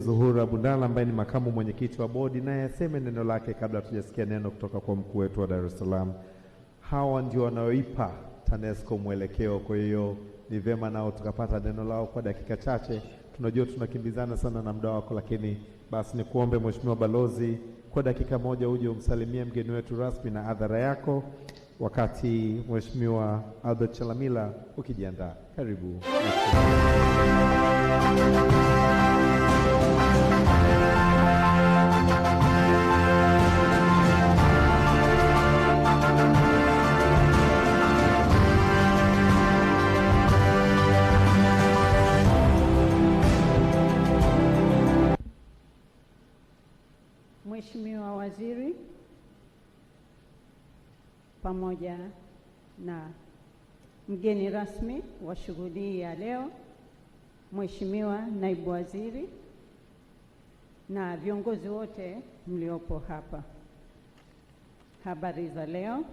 Zuhura Bundala ambaye ni makamu mwenyekiti wa bodi, naye aseme neno lake kabla hatujasikia neno kutoka kwa mkuu wetu wa Dar es Salaam. Hawa ndio wanaoipa TANESCO mwelekeo, kwa hiyo ni vema nao tukapata neno lao kwa dakika chache. Tunajua tunakimbizana sana na muda wako, lakini basi ni kuombe Mheshimiwa Balozi, kwa dakika moja uje umsalimie mgeni wetu rasmi na adhara yako, wakati Mheshimiwa Albert Chalamila ukijiandaa. Karibu. Mheshimiwa Waziri pamoja na mgeni rasmi wa shughuli hii ya leo, Mheshimiwa Naibu Waziri na viongozi wote mliopo hapa. Habari za leo.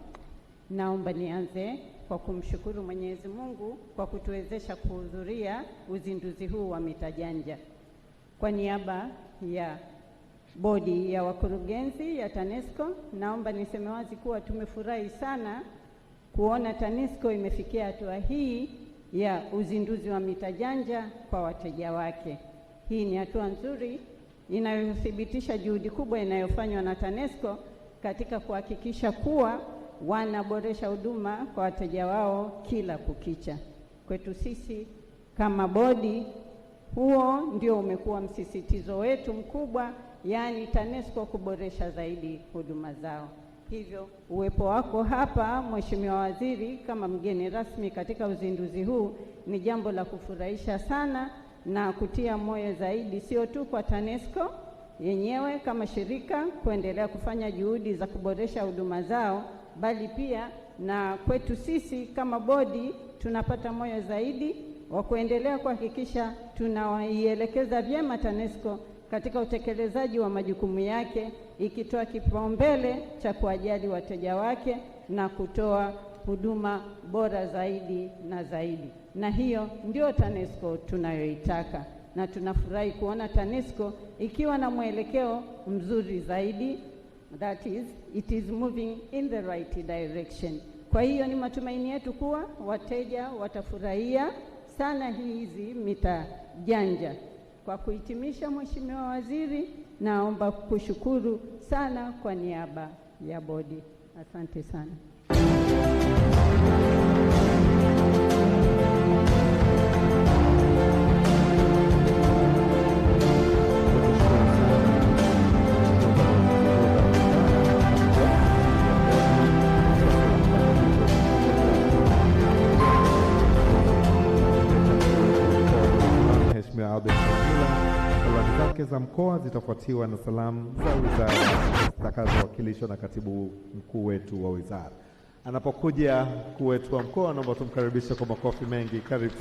Naomba nianze kwa kumshukuru Mwenyezi Mungu kwa kutuwezesha kuhudhuria uzinduzi huu wa mita janja. Kwa niaba ya bodi ya wakurugenzi ya TANESCO, naomba niseme wazi kuwa tumefurahi sana kuona TANESCO imefikia hatua hii ya uzinduzi wa mita janja kwa wateja wake. Hii ni hatua nzuri inayothibitisha juhudi kubwa inayofanywa na TANESCO katika kuhakikisha kuwa wanaboresha huduma kwa wateja wao kila kukicha. Kwetu sisi kama bodi, huo ndio umekuwa msisitizo wetu mkubwa yaani TANESCO kuboresha zaidi huduma zao. Hivyo uwepo wako hapa Mheshimiwa Waziri, kama mgeni rasmi katika uzinduzi huu ni jambo la kufurahisha sana na kutia moyo zaidi, sio tu kwa TANESCO yenyewe kama shirika kuendelea kufanya juhudi za kuboresha huduma zao, bali pia na kwetu sisi kama bodi tunapata moyo zaidi wa kuendelea kuhakikisha tunawaielekeza vyema TANESCO katika utekelezaji wa majukumu yake ikitoa kipaumbele cha kuwajali wateja wake na kutoa huduma bora zaidi na zaidi. Na hiyo ndio TANESCO tunayoitaka, na tunafurahi kuona TANESCO ikiwa na mwelekeo mzuri zaidi, that is it is moving in the right direction. Kwa hiyo ni matumaini yetu kuwa wateja watafurahia sana hizi mita janja. Kwa kuhitimisha, Mheshimiwa Waziri, naomba kushukuru sana kwa niaba ya bodi. Asante sana. zake za mkoa zitafuatiwa na salamu za wizara zitakazowakilishwa na katibu mkuu wetu wa wizara. Anapokuja mkuu wetu wa mkoa, naomba tumkaribishe kwa makofi mengi. Karibu.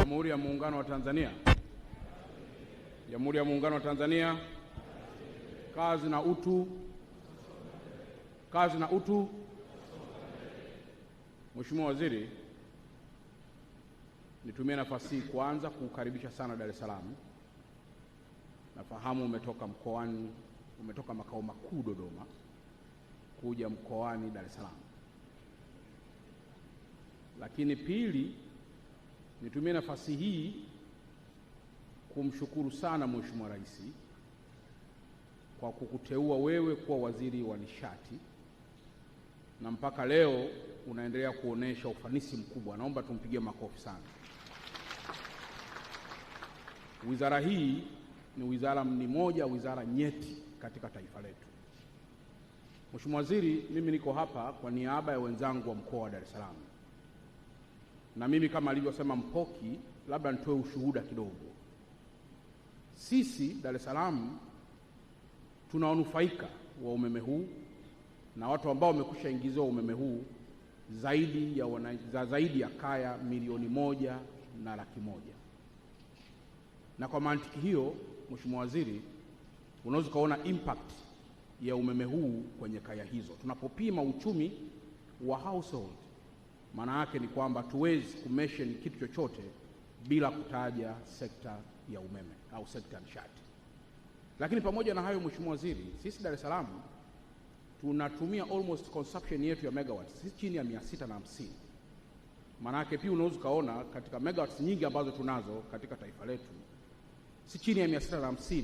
Jamhuri ya Muungano wa Tanzania, Jamhuri ya Muungano wa Tanzania. Kazi na utu, kazi na utu. Mheshimiwa Waziri, nitumie nafasi hii kwanza kuukaribisha sana Dar es Salaam. Nafahamu umetoka mkoani, umetoka makao makuu Dodoma kuja mkoani Dar es Salaam. Lakini pili, nitumie nafasi hii kumshukuru sana Mheshimiwa Rais kwa kukuteua wewe kuwa waziri wa nishati na mpaka leo unaendelea kuonesha ufanisi mkubwa, naomba tumpigie makofi sana. Wizara hii ni wizara ni moja wizara nyeti katika taifa letu. Mheshimiwa Waziri, mimi niko hapa kwa niaba ya wenzangu wa mkoa wa Dar es Salaam, na mimi kama alivyosema Mpoki, labda nitoe ushuhuda kidogo. Sisi Dar es Salaam tunaonufaika wa umeme huu na watu ambao wamekusha ingiziwa umeme huu zaidi ya wana, za zaidi ya kaya milioni moja na laki moja. Na kwa mantiki hiyo, Mheshimiwa Waziri, unaweza ukaona impact ya umeme huu kwenye kaya hizo. Tunapopima uchumi wa household, maana yake ni kwamba tuwezi kumeshen kitu chochote bila kutaja sekta ya umeme au sekta nishati. Lakini pamoja na hayo, Mheshimiwa Waziri, sisi Dar es Salaam tunatumia almost consumption yetu ya megawatts si chini ya 650. Maana yake pia unaweza ukaona katika megawatts nyingi ambazo tunazo katika taifa letu si chini ya 650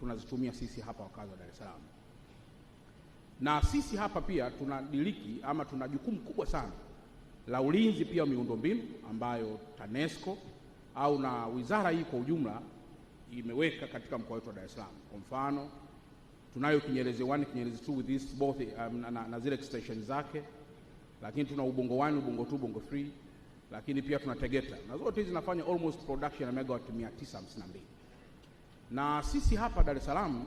tunazitumia sisi hapa wakazi wa Dar es Salaam, na sisi hapa pia tunadiliki ama tuna jukumu kubwa sana la ulinzi pia miundombinu ambayo TANESCO au na wizara hii kwa ujumla imeweka katika mkoa wetu wa Dar es Salaam. Kwa mfano tunayo Kinyerezi 1, Kinyerezi 2 with this both um, na, na, na zile extension zake, lakini tuna Ubongo 1, Ubongo 2, bongo 3, lakini pia tuna Tegeta, na zote hizi zinafanya almost production ya megawatt 952 na sisi hapa Dar es Salaam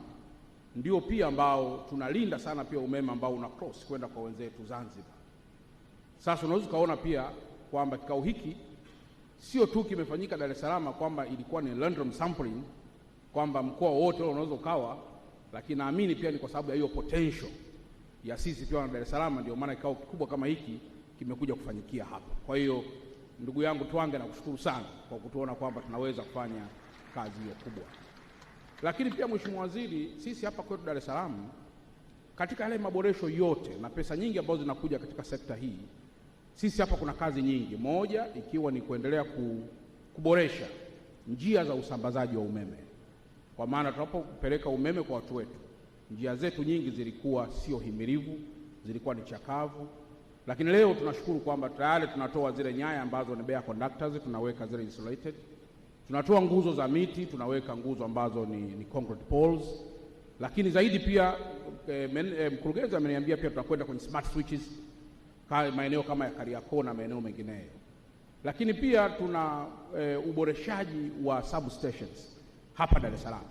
ndio pia ambao tunalinda sana pia umeme ambao una cross kwenda kwa wenzetu Zanzibar. Sasa unaweza ukaona pia kwamba kikao hiki sio tu kimefanyika Dar es Salaam, kwamba ilikuwa ni random sampling, kwamba mkoa wote unaweza ukawa lakini naamini pia ni kwa sababu ya hiyo potential ya sisi pia wana Dar es Salaam, ndio maana kikao kikubwa kama hiki kimekuja kufanyikia hapa. Kwa hiyo ndugu yangu Twange, nakushukuru sana kwa kutuona kwamba tunaweza kufanya kazi hiyo kubwa. Lakini pia Mheshimiwa Waziri, sisi hapa kwetu Dar es Salaam katika yale maboresho yote na pesa nyingi ambazo zinakuja katika sekta hii, sisi hapa kuna kazi nyingi, moja ikiwa ni kuendelea kuboresha njia za usambazaji wa umeme kwa maana tunapopeleka umeme kwa watu wetu, njia zetu nyingi zilikuwa sio himilivu, zilikuwa ni chakavu, lakini leo tunashukuru kwamba tayari tunatoa zile nyaya ambazo ni bare conductors, tunaweka zile insulated, tunatoa nguzo za miti, tunaweka nguzo ambazo ni, ni concrete poles, lakini zaidi pia eh, eh, mkurugenzi ameniambia pia tunakwenda kwenye smart switches maeneo kama ya Kariakoo na maeneo mengineyo, lakini pia tuna eh, uboreshaji wa substations hapa Dar es Salaam,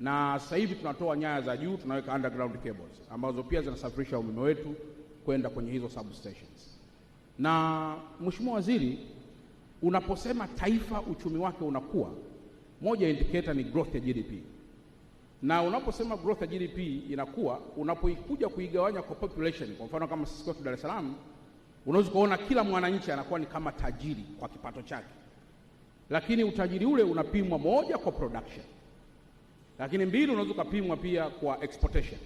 na sasa hivi tunatoa nyaya za juu, tunaweka underground cables ambazo pia zinasafirisha umeme wetu kwenda kwenye hizo substations. Na Mheshimiwa Waziri, unaposema taifa uchumi wake unakuwa, moja indicator ni growth ya GDP na unaposema growth ya GDP inakuwa, unapoikuja kuigawanya kwa population, kwa mfano kama sisi kwetu Dar es Salaam, unaweza kuona kila mwananchi anakuwa ni kama tajiri kwa kipato chake lakini utajiri ule unapimwa moja kwa production, lakini mbili, unaweza ukapimwa pia kwa exportation.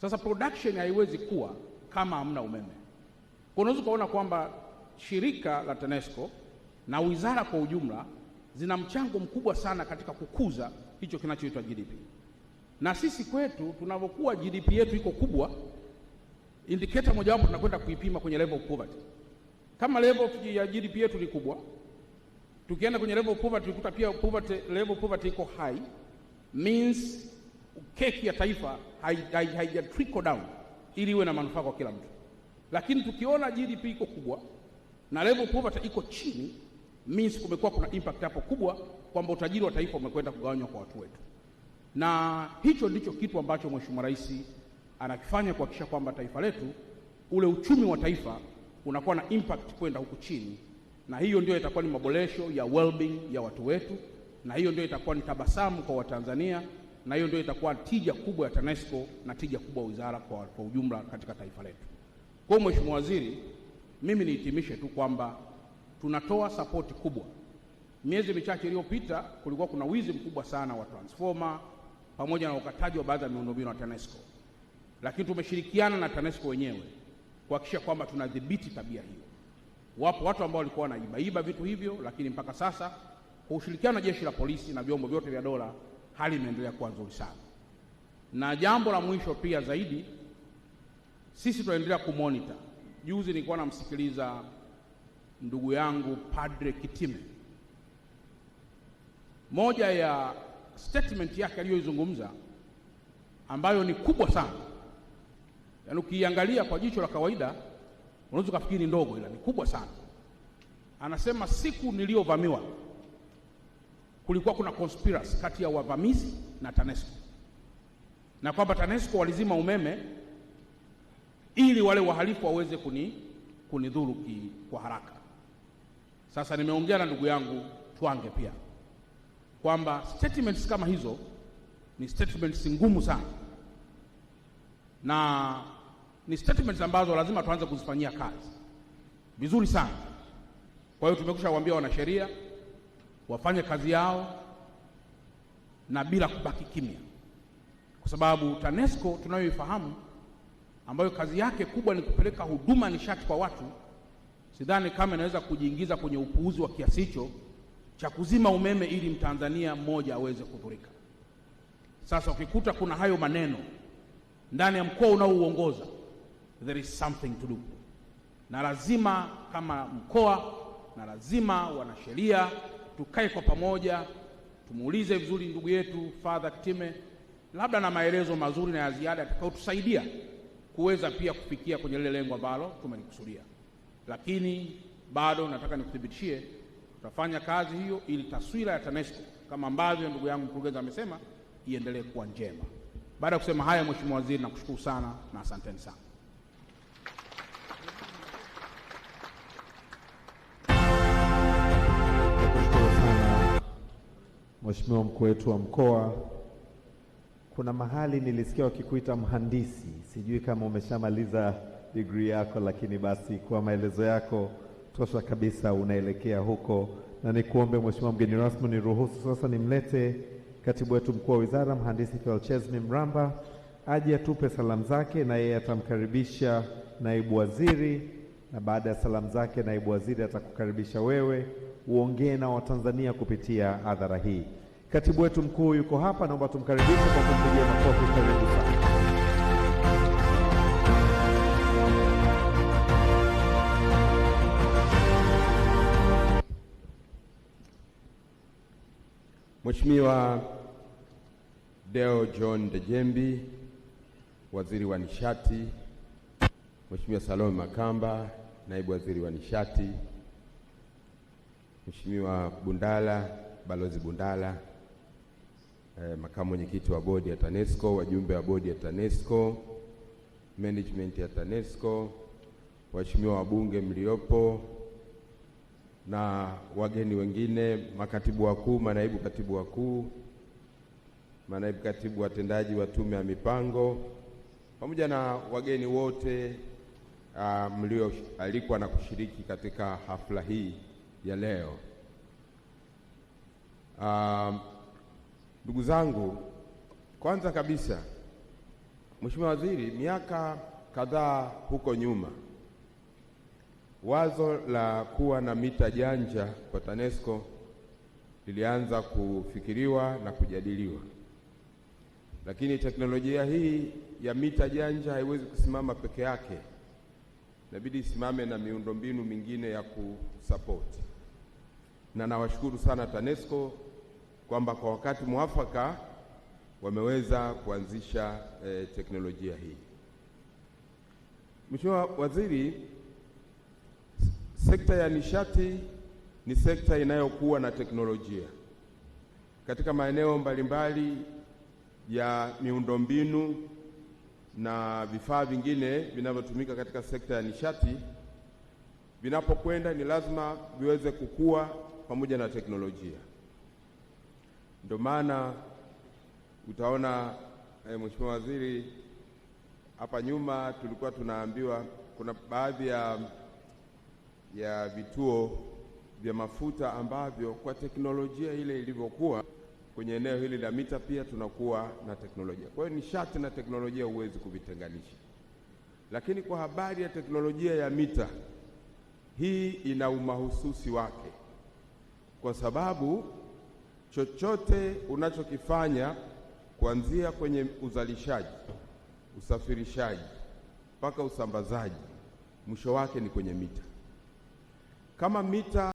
Sasa production haiwezi kuwa kama hamna umeme. Kwa unaweza ukaona kwamba shirika la TANESCO na wizara kwa ujumla zina mchango mkubwa sana katika kukuza hicho kinachoitwa GDP, na sisi kwetu tunavyokuwa GDP yetu iko kubwa, indicator mojawapo tunakwenda kuipima kwenye level of poverty. Kama level ya GDP yetu ni kubwa Tukienda kwenye level poverty, ukuta pia poverty, level poverty iko high means keki ya taifa haija trickle down ili iwe na manufaa kwa kila mtu, lakini tukiona GDP iko kubwa na level poverty iko chini means kumekuwa kuna impact hapo kubwa kwamba utajiri wa taifa umekwenda kugawanywa kwa watu wetu, na hicho ndicho kitu ambacho Mheshimiwa Rais anakifanya kuhakikisha kwamba taifa letu, ule uchumi wa taifa unakuwa na impact kwenda huku chini na hiyo ndio itakuwa ni maboresho ya well-being ya watu wetu, na hiyo ndio itakuwa ni tabasamu kwa Watanzania, na hiyo ndio itakuwa tija kubwa ya TANESCO na tija kubwa ya wizara kwa, kwa ujumla katika taifa letu. Kwa Mheshimiwa Waziri, mimi nihitimishe tu kwamba tunatoa sapoti kubwa. Miezi michache iliyopita kulikuwa kuna wizi mkubwa sana wa transformer pamoja na ukataji wa baadhi ya miundombinu ya TANESCO, lakini tumeshirikiana na TANESCO wenyewe kuhakikisha kwamba tunadhibiti tabia hiyo. Wapo watu ambao walikuwa wanaibaiba vitu hivyo, lakini mpaka sasa kwa ushirikiano na jeshi la polisi na vyombo vyote vya dola hali imeendelea kuwa nzuri sana. Na jambo la mwisho pia zaidi, sisi tunaendelea kumonita. Juzi nilikuwa namsikiliza ndugu yangu Padre Kitime, moja ya statement yake aliyoizungumza ambayo ni kubwa sana, yaani ukiiangalia kwa jicho la kawaida Unaweza kufikiri ndogo, ila ni kubwa sana. Anasema siku niliyovamiwa kulikuwa kuna conspiracy kati ya wavamizi na TANESCO na kwamba TANESCO walizima umeme ili wale wahalifu waweze kuni kunidhuru kwa haraka. Sasa nimeongea na ndugu yangu Twange pia kwamba statements kama hizo ni statements ngumu sana na ni statements ambazo lazima tuanze kuzifanyia kazi vizuri sana. Kwa hiyo tumekusha kuambia wanasheria wafanye kazi yao na bila kubaki kimya, kwa sababu TANESCO tunayoifahamu ambayo kazi yake kubwa ni kupeleka huduma nishati kwa watu, sidhani kama inaweza kujiingiza kwenye upuuzi wa kiasi hicho cha kuzima umeme ili mtanzania mmoja aweze kudhurika. Sasa ukikuta kuna hayo maneno ndani ya mkoa unaouongoza there is something to do, na lazima kama mkoa na lazima wanasheria tukae kwa pamoja, tumuulize vizuri ndugu yetu Father Kitime, labda na maelezo mazuri na ya ziada yatakayotusaidia kuweza pia kufikia kwenye lile lengo ambalo tumelikusudia. Lakini bado nataka nikuthibitishie, tutafanya kazi hiyo ili taswira ya TANESCO kama ambavyo ndugu yangu mkurugenzi amesema iendelee kuwa njema. Baada ya kusema haya, Mheshimiwa Waziri, nakushukuru sana na asanteni sana. Mheshimiwa mkuu wetu wa mkoa, kuna mahali nilisikia wakikuita mhandisi, sijui kama umeshamaliza degree yako, lakini basi kwa maelezo yako tosha kabisa unaelekea huko, na nikuombe Mheshimiwa mgeni rasmi, niruhusu sasa nimlete katibu wetu mkuu wa wizara mhandisi Felchesmi Mramba aje atupe salamu zake, na yeye atamkaribisha naibu waziri, na baada ya salamu zake naibu waziri atakukaribisha wewe uongee na Watanzania kupitia hadhara hii. Katibu wetu mkuu yuko hapa, naomba tumkaribishe kwa kumpigia makofi. Karibu sana. Mheshimiwa Deo John Dejembi, waziri wa nishati, Mheshimiwa Salome Makamba, naibu waziri wa nishati Mheshimiwa Bundala, Balozi Bundala, eh, makamu mwenyekiti wa bodi ya TANESCO, wajumbe wa bodi ya TANESCO, management ya TANESCO, waheshimiwa wabunge mliopo na wageni wengine, makatibu wakuu, manaibu katibu wakuu, manaibu katibu watendaji wa tume ya mipango, pamoja na wageni wote uh, mlioalikwa na kushiriki katika hafla hii ya leo. Um, ndugu um, zangu, kwanza kabisa, Mheshimiwa Waziri, miaka kadhaa huko nyuma wazo la kuwa na mita janja kwa TANESCO lilianza kufikiriwa na kujadiliwa, lakini teknolojia hii ya mita janja haiwezi kusimama peke yake, inabidi isimame na miundombinu mingine ya kusapoti na nawashukuru sana TANESCO kwamba kwa wakati mwafaka wameweza kuanzisha e, teknolojia hii. Mheshimiwa Waziri, sekta ya nishati ni sekta inayokuwa na teknolojia katika maeneo mbalimbali ya miundombinu na vifaa vingine vinavyotumika katika sekta ya nishati vinapokwenda ni lazima viweze kukua pamoja na teknolojia. Ndio maana utaona eh, Mheshimiwa Waziri, hapa nyuma tulikuwa tunaambiwa kuna baadhi ya, ya vituo vya mafuta ambavyo kwa teknolojia ile ilivyokuwa kwenye eneo hili la mita pia tunakuwa na teknolojia. Kwa hiyo nishati na teknolojia huwezi kuvitenganisha, lakini kwa habari ya teknolojia ya mita hii ina umahususi wake kwa sababu chochote unachokifanya kuanzia kwenye uzalishaji, usafirishaji mpaka usambazaji, mwisho wake ni kwenye mita. Kama mita